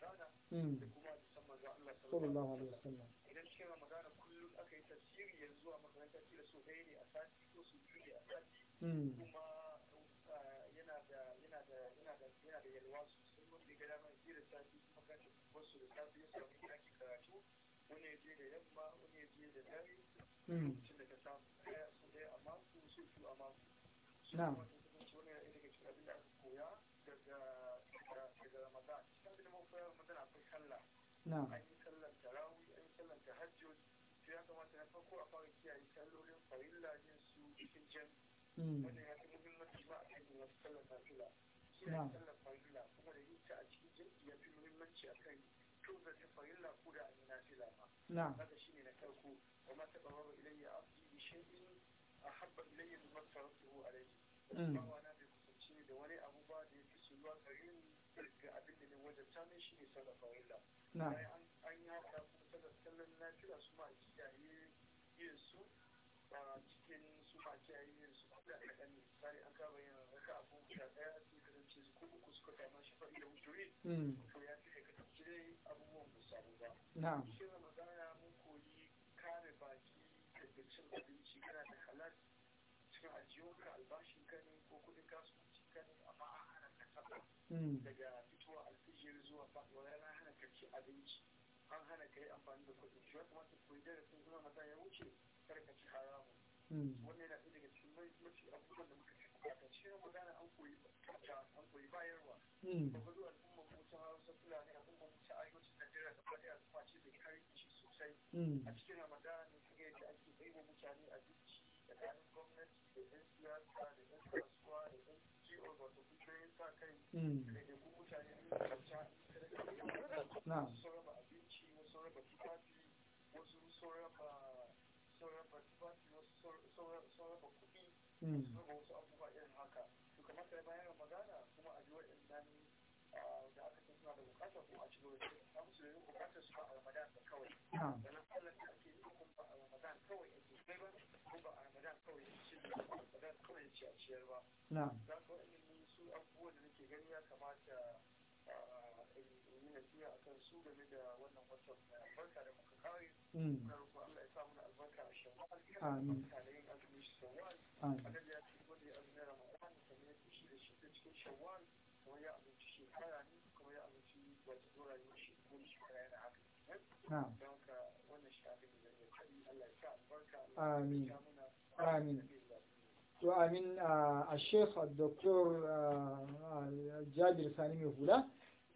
da kuma san manzo Allah sallallahu alaihi wasallam idan shi ma magana kullum aka yi tafsiri yanzu zuwa makaranta ce da so ɗaya ne a sati ko su biyu ne a sati hmm. kuma eh, yana da yana da yana da yana da yalwa sosai wanda ga dama ji da sati kuma ka ci wasu da sati ya samu ya ki karatu wani ya je da yamma wani ya je da dare mutum da ka samu ɗaya su ɗaya a mako su biyu a mako. Na'am. na an yi sallan tarawih an yi sallan tahajjud ya kamata na farko a fara kiyaye sallolin farilla din su cikin jan wanda ya fi muhimmanci ba a kan yin wasu sallan farilla kiyaye sallan farilla kuma da yin ta a cikin jan ya fi muhimmanci a kan tuzar ta farilla ko da an yi nafila ma na haka shi ne na farko wa ma taɓa raba ilayya abdi bi shay'in ahabba ilayya mimma da wani abu ba da ya fi soyuwa gare ni ne wajen ta ne shi ne sallan na an ya ka kusa da sallan lafiya su ma kiyaye yin su ba cikin su ma kiyaye yin su kuma da kan misali an kaba yin raka abu guda daya sai ka dace su ko uku suka kama shi fa da wujuri to ya ce ka tafi dai abubuwan ku samu ba na shi ramadan ya mun koyi kare baki daga cin abinci kana da halal cikin ajiyonka albashin kani ko kuɗin kasuwanci ka amma an hana ka daga abinci an hana kai amfani da kudi shi ya kamata ku yi darasin zuwa mata ya wuce kar ka ci haramu hmm. wannan yana ɗaya daga cikin mafi abubuwan da muka ci a shi na magana an koyi an koyi bayarwa daga hmm. zuwa al'umma ko ta hausa fulani al'umma ko ta arewacin najeriya da fadi a zuwa ce da karfi sosai hmm. a cikin ramadan ne kaga yadda ake bai wa mutane abinci da kayan gwamnati da yan siyasa da yan kasuwa da yan kiwon wato kungiyoyin sa kai da kuma mutane ne na'am abinci wasu raba tufafi wasu sun raba wasu abubuwa irin haka to kamar sai kuma a ah, da aka san da bukata ko a su ba a ramadan ba kawai ta kuma ba a ramadan kawai ko ba a ramadan kawai ba a ramadan kawai ya ci a ciyar ba. su abubuwan da nake gani ya kamata Amin. kan su game da wannan watan mai albarka da muka Amin. Mm. na roƙo Allah ya sa mana albarka a shan amin Amin. yin azumi shi Amin. amin ya ce Amin. ya azumi ramadan Amin. ya Amin. da shi Amin. cikin Amin. Amin. ya Amin. Amin. ne Amin. ya Amin. wata Amin. Amin. shi Amin. Amin. yana haka don ka wannan Amin. da ya Allah ya sa amin amin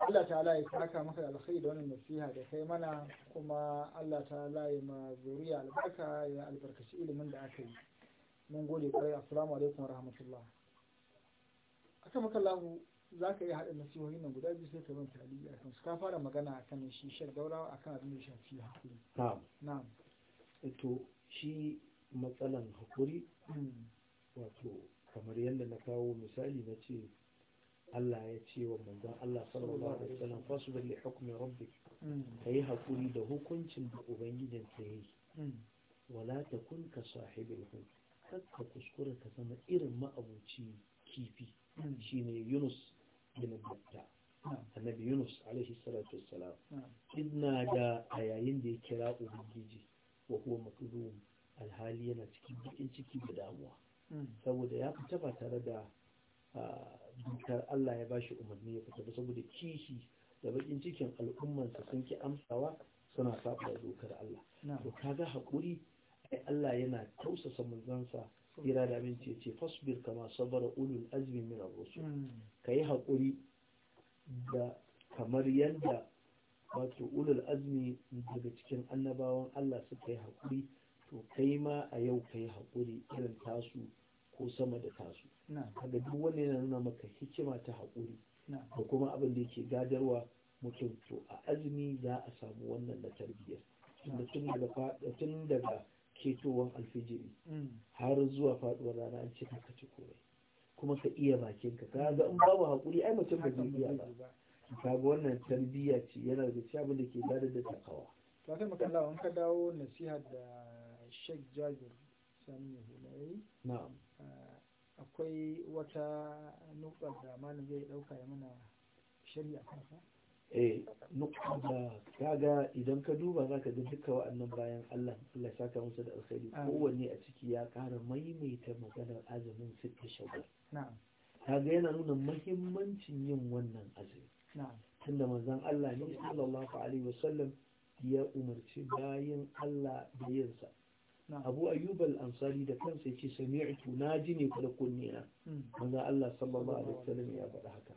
Allah ta ya saka maka da alkhairi da wannan nasiha da kai mana kuma Allah Ta ya ma zuriya albarka ya albarkaci ilimin da aka yi mun gode kwarai assalamu alaikum wa rahmatullah aka maka lahu za ka iya haɗin nasihohin nan guda biyu sai ka bin tali a kansu ka fara magana a kan shi shan daura a kan abin da shafi hakuri na'am eh shi matsalan haƙuri, hmm. wato kamar yadda na kawo misali na ce Allah ya ce wa manzon Allah sallallahu alaihi wasallam fasbir li hukmi rabbik kai hakuri da hukuncin da ubangijin ka yi mm. wala takun ka sahibul hud kakka kuskura ka zama irin ma'abuci kifi mm. shine Yunus bin Batta mm. annabi Yunus alaihi salatu wassalam idna da a yayin da ya kira ubangiji wa huwa makdum alhali yana cikin bakin ciki da damuwa saboda ya fita ba tare da ah, dukar Allah ya bashi umarni ya fita saboda kishi da bakin cikin al'ummarsa sun ki amsawa suna saba da dokar Allah to kaga hakuri ai Allah yana tausasa manzansa ira da aminci ya ce fasbir kama sabara ulul azmi min ar-rusul hmm. kai hakuri da kamar yadda wato ulul azmi daga cikin annabawan Allah suka yi haƙuri to kai ma a yau kai haƙuri irin tasu ko sama da tasu kaga duk wanda yana nuna maka hikima ta haƙuri da kuma abin da yake gadarwa mutum to a azumi za a samu wannan na tarbiyyar tun daga ketowar alfijiri mm. har zuwa faduwar rana an ce ka ci komai kuma ka iya bakinka ka ga in babu haƙuri ai mutum ba zai iya ba ka ga wannan tarbiyya ce yana da ci abin da ke gadar da takawa to makallawa in ka dawo nasiha da Sheikh Jabir Sani Hulayi na'am akwai wata nukar da malam zai dauka ya mana shari'a kansa eh nukar da kaga idan ka duba zaka ga duka wa'annan bayan Allah Allah ya saka musu da alkhairi kowanne a ciki ya kara maimaita maganar azumin sitta shawar. na'am kaga yana nuna muhimmancin yin wannan azumi na'am tunda manzon Allah ne sallallahu alaihi wasallam ya umarci bayan Allah da yinsa abu ayyub al-ansari da kansa yace sami'tu ji ne da kunnina hmm. manzo Allah sallallahu alaihi wasallam ya faɗa haka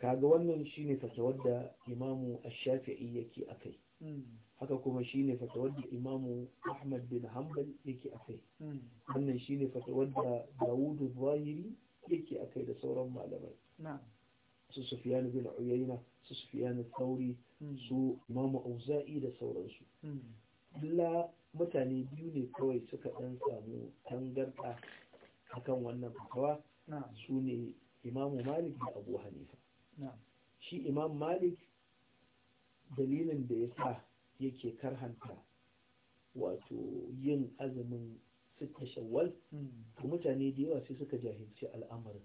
kaga wannan shine fatawar da imamu ash-shafi'i yake akai hmm. haka kuma shine fatawar da imamu ahmad bin hanbal yake akai hmm. wannan shine fatawar da dawud az-zahiri yake akai da sauran malamai su sufyan bin uyayna su sufyan al su imamu auza'i da sauransu illa mutane biyu ne kawai suka ɗan samu tangarɗa akan wannan fatawa su ne imamu malik da abu hanifa shi imam malik dalilin da ya sa yake karhanta wato yin azumin sita shawwal hmm. to mutane da yawa sai suka jahilci al'amarin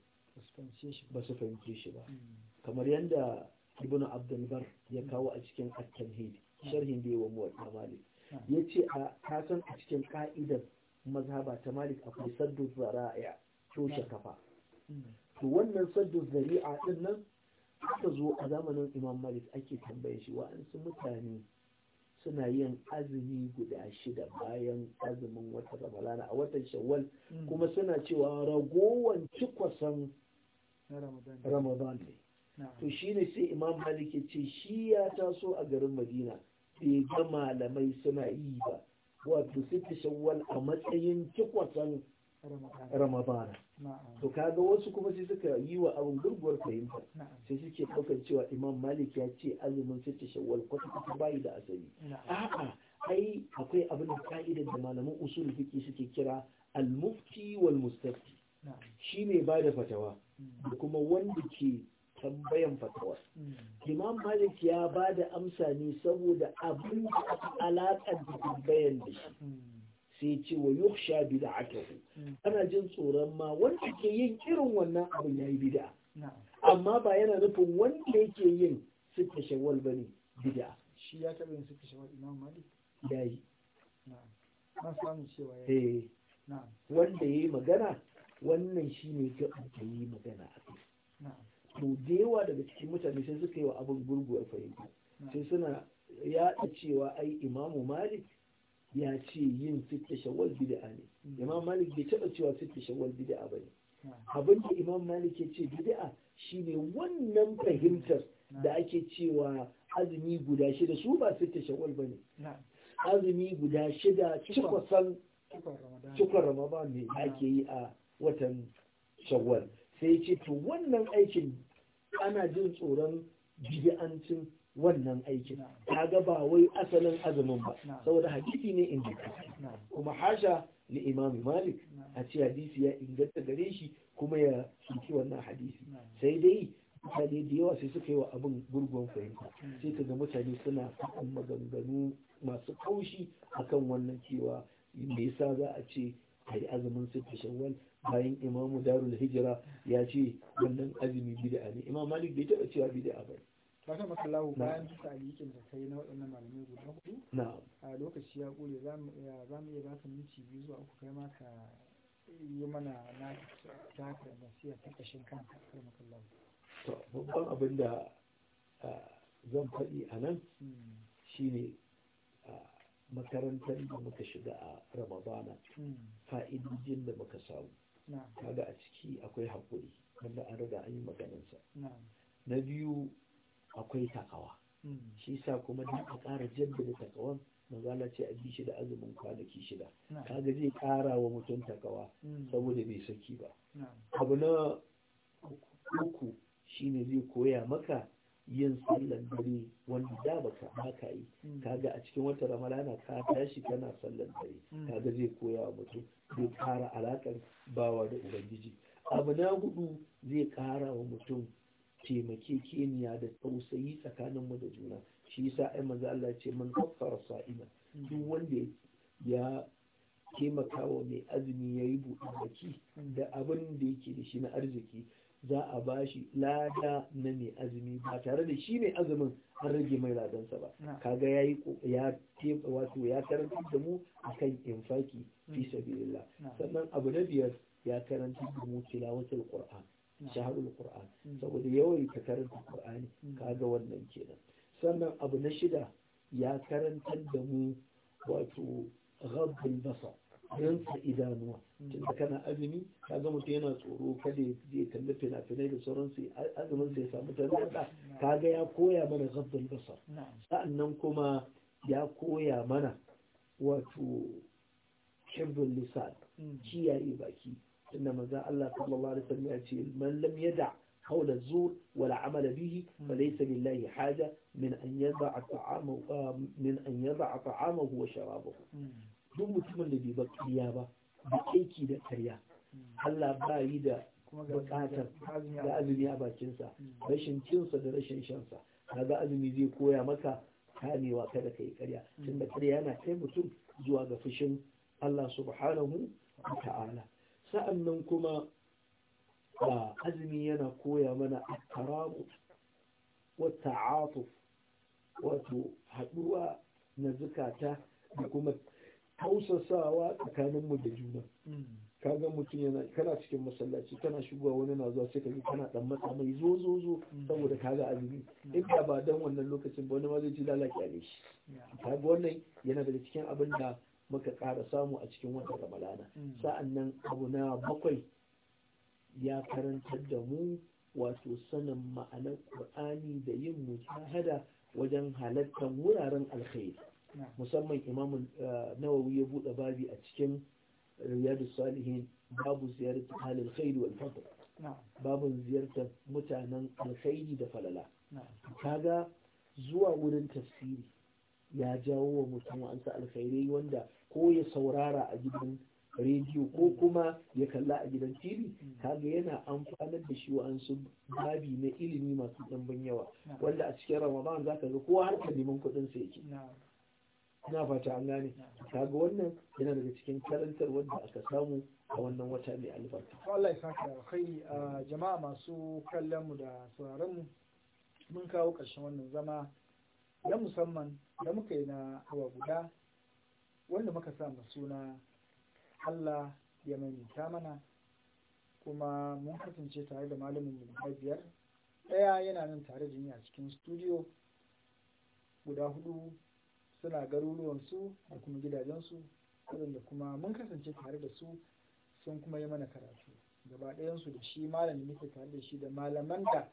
ba su fahimce shi ba hmm. kamar yadda ibn abdulbar ya kawo a cikin at hmm. sharhin da yawa muwatta malik ya ce a kasan a cikin ka'idar mazhaba ta malik akwai saddu zara'a toshe kafa to wannan saddu zari'a din nan aka zo a zamanin imam malik ake tambaye shi wa'ansu mutane suna yin azumi guda shida bayan azumin wata ramadana a watan shawwal kuma suna cewa ragowan cikwasan ramadan ne to shine sai imam malik ya ce shi ya taso a garin madina bai ga malamai suna yi ba wato sita shawwal a matsayin cikwasan ramadana to kaga wasu kuma sai suka yi wa abin gurguwar fahimta sai suke ɗaukar cewa imam malik ya ce azumin sita shawwal kwata-kwata bayi da asali a'a ai akwai abin da ka'idar da malaman usul fiki suke kira al-mufti wal mustafi shi mai ba da fatawa hmm. da kuma wanda ke tambayan fatawa hmm. imam malik ya ba da amsa ne saboda abin da aka alaƙar da tambayan da shi hmm. sai ce wa aka bid'atuhu hmm. ana jin tsoron ma wanda ke yin irin wannan abin ya yi bid'a amma ba yana nufin wanda yake yin shawar ba ne bid'a shi ya taɓa yin suka shawar imam malik yi na samu cewa ya yi eh. wanda ya yi magana wannan shi ne ga yi magana a kai to da yawa daga cikin mutane sai suka yi wa abin gurguwar fahimta sai suna yaɗa cewa ai imamu malik ya ce yin sitta shawwal bid'a ne imam malik bai taɓa cewa sitta shawar bid'a ba ne abin da imam malik ya ce bid'a shine wannan fahimtar da ake cewa azumi guda shida su ba sitta shawar ba ne azumi guda shida cikwasan cikon ramadan ne ake yi a watan shawar. sai ce to wannan aikin ana jin tsoron bid'ancin wannan aikin kaga ba wai asalin azumin ba saboda hakiki ne in kuma hasha li imam malik a ce hadisi ya inganta gare shi kuma ya soki wannan hadisi sai dai mutane da yawa sai suka yi wa abin gurguwan fahimta hmm. sai ka ga mutane suna faɗin maganganu masu kaushi akan wannan cewa me yasa za a ce a yi azumin sittu shawwal bayan imamu darul hijira ya ce wannan azumi bid'a ne imam malik bai taɓa cewa bid'a ba fata makallahu bayan duk alikin da kai na waɗannan malamai guda hudu a lokaci ya ƙure za mu iya baka minti biyu zuwa uku kai ma ka yi mana na da nasiya ta ƙashin kanka kar makallahu to babban abin da zan faɗi a nan hmm. shine makarantar da muka shiga a ramadana fa'idojin da muka samu kaga a ciki akwai haƙuri wanda an riga an yi maganansa na biyu akwai takawa hmm. shi sa kuma da a ƙara jaddada takawan mazala ce a bi shi da azumin kwanaki shida kaga zai ƙara wa mutum takawa hmm. saboda bai saki ba abu na uku shine zai koya maka yin sallan dare wanda da baka haka yi mm. kaga a cikin wata ramadana ka tashi kana sallan dare mm. kaga zai koya wa mutum zai kara alakar bawa da ubangiji abu na hudu zai kara wa mutum keniya da tausayi tsakaninmu da juna shi yasa ai manzo Allah ce man kaffara sa'ima mm. duk wanda ya taimaka wa mai azumi ya yi buɗe baki da abin da yake da shi na arziki za a ba shi lada na mai azumi ba tare da shi mai azumin an rage mai ladansa ba kaga ya yi ya wato ya karanta da mu kan infaki fi hmm. sabilillah sannan abu na biyar ya karanta da mu tilawatul qur'an shahrul qur'an hmm. saboda yawai ka karanta qur'ani hmm. kaga wannan kenan sannan abu na shida ya karanta da mu wato ghabbul basar yansa idanuwa hmm. tunda kana azumi ka ga mutum yana tsoro kada ya je kalli fina-finai da sauransu azumin sai ya samu tangarda hmm. ka ga ya koya mana gabbal basar hmm. sa'annan kuma ya koya mana wato shirbin lisan kiyaye baki inda maza Allah sallallahu alaihi wasallam ya ce man lam yada قول wala amala bihi به فليس haja min من أن يضع طعامه من أن يضع طعامه duk mutumin da bai ba ƙarya ba da aiki da ƙarya Allah ba yi da bukatar da azumi a bakinsa hmm. rashin cinsa da rashin shansa kaga azumi zai koya maka kamewa kada ka yi ƙarya hmm. da ƙarya yana kai mutum zuwa ga fushin Allah subhanahu wa ta'ala sa'annan kuma azumi yana koya mana at wa ta'atuf wato haɗuwa na zukata da kuma tausasawa tsakaninmu da juna hmm. kaga mutum yana kana cikin masallaci kana shigowa wani na zuwa sai kana dan matsa mai zo zo zo hmm. saboda kaga azumi hmm. in da ba dan wannan lokacin ba wani ma zai ji lalaki ne shi kaga wannan yana daga cikin abin da muka ƙara samu a cikin wata ramadana sa'annan abu na bakwai ya karantar da mu wato sanin ma'anar qur'ani da yin mujahada wajen halartar wuraren alkhairi musamman imam eh, nawawi ya buɗe babi a cikin riyadu salihin babu ziyartar halin khairu wal fadl babu ziyartar mutanen alkhairi da falala kaga zuwa wurin tafsiri ya jawo wa mutum ansa alkhairai wanda ko ya saurara a gidan rediyo ko kuma ya kalla a gidan tv kaga yana amfanar da shi wa'ansu babi na ilimi masu ɗanban yawa wanda a cikin ramadan za ka ga kowa harkar neman kuɗin sa yake na fata an gane kaga wannan yana daga cikin karantar wanda aka samu a wannan wata mai albarka Allah ya saka kai a jama'a masu kallon mu da sauraron mu mun kawo ƙarshen wannan zama na musamman da muka yi na hawa guda wanda muka sa mu suna Allah ya maimaita mana kuma mun kasance tare da malamin mu na biyar ɗaya yana nan tare da ni a cikin studio guda hudu suna garuruwansu da kuma gidajensu waɗanda kuma mun kasance tare da su sun kuma yi mana karatu gaba ɗayansu da shi malami muke tare da shi da malaman da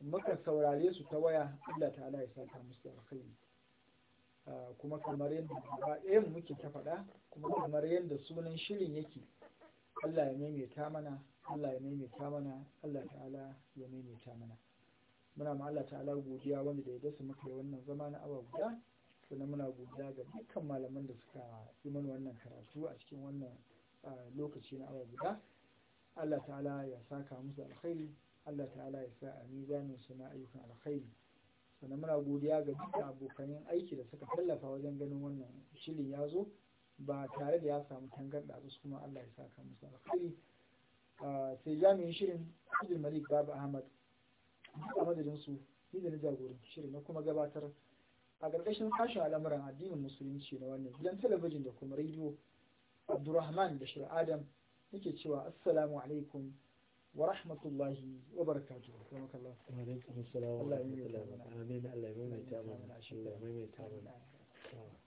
muka saurare su ta waya Allah ta'ala ya saka musu alkhairi ah, kuma kamar yadda gaba ɗayan muke ta faɗa kuma kamar yadda sunan shirin yake Allah ya maimaita mana Allah ya maimaita mana Allah ta'ala ya maimaita mana muna ma Allah ta'ala godiya wanda da ya dasa muka yi wannan zama na awa guda sannan muna godiya ga dukkan malaman da suka yi mana wannan karatu a cikin wannan lokaci na awa guda Allah ta'ala ya saka musu alkhairi Allah ta'ala ya sa a mizanin su na ayyukan alkhairi sannan muna godiya ga dukkan abokanin aiki da suka tallafa wajen ganin wannan shirin ya zo ba tare da ya samu tangarɗa ba kuma Allah ya saka musu alkhairi sai jami'in shirin Abdul Malik Baba Ahmad a madadin su ni da na jagoranci shirin na kuma gabatar a ƙarƙashin sashen al'amuran addinin musulunci na wannan gidan talabijin da kuma rediyo abdurrahman da shir adam nake cewa assalamu alaikum wa rahmatullahi wa barakatu kuma wa alaikum wa rahmatullahi wa wa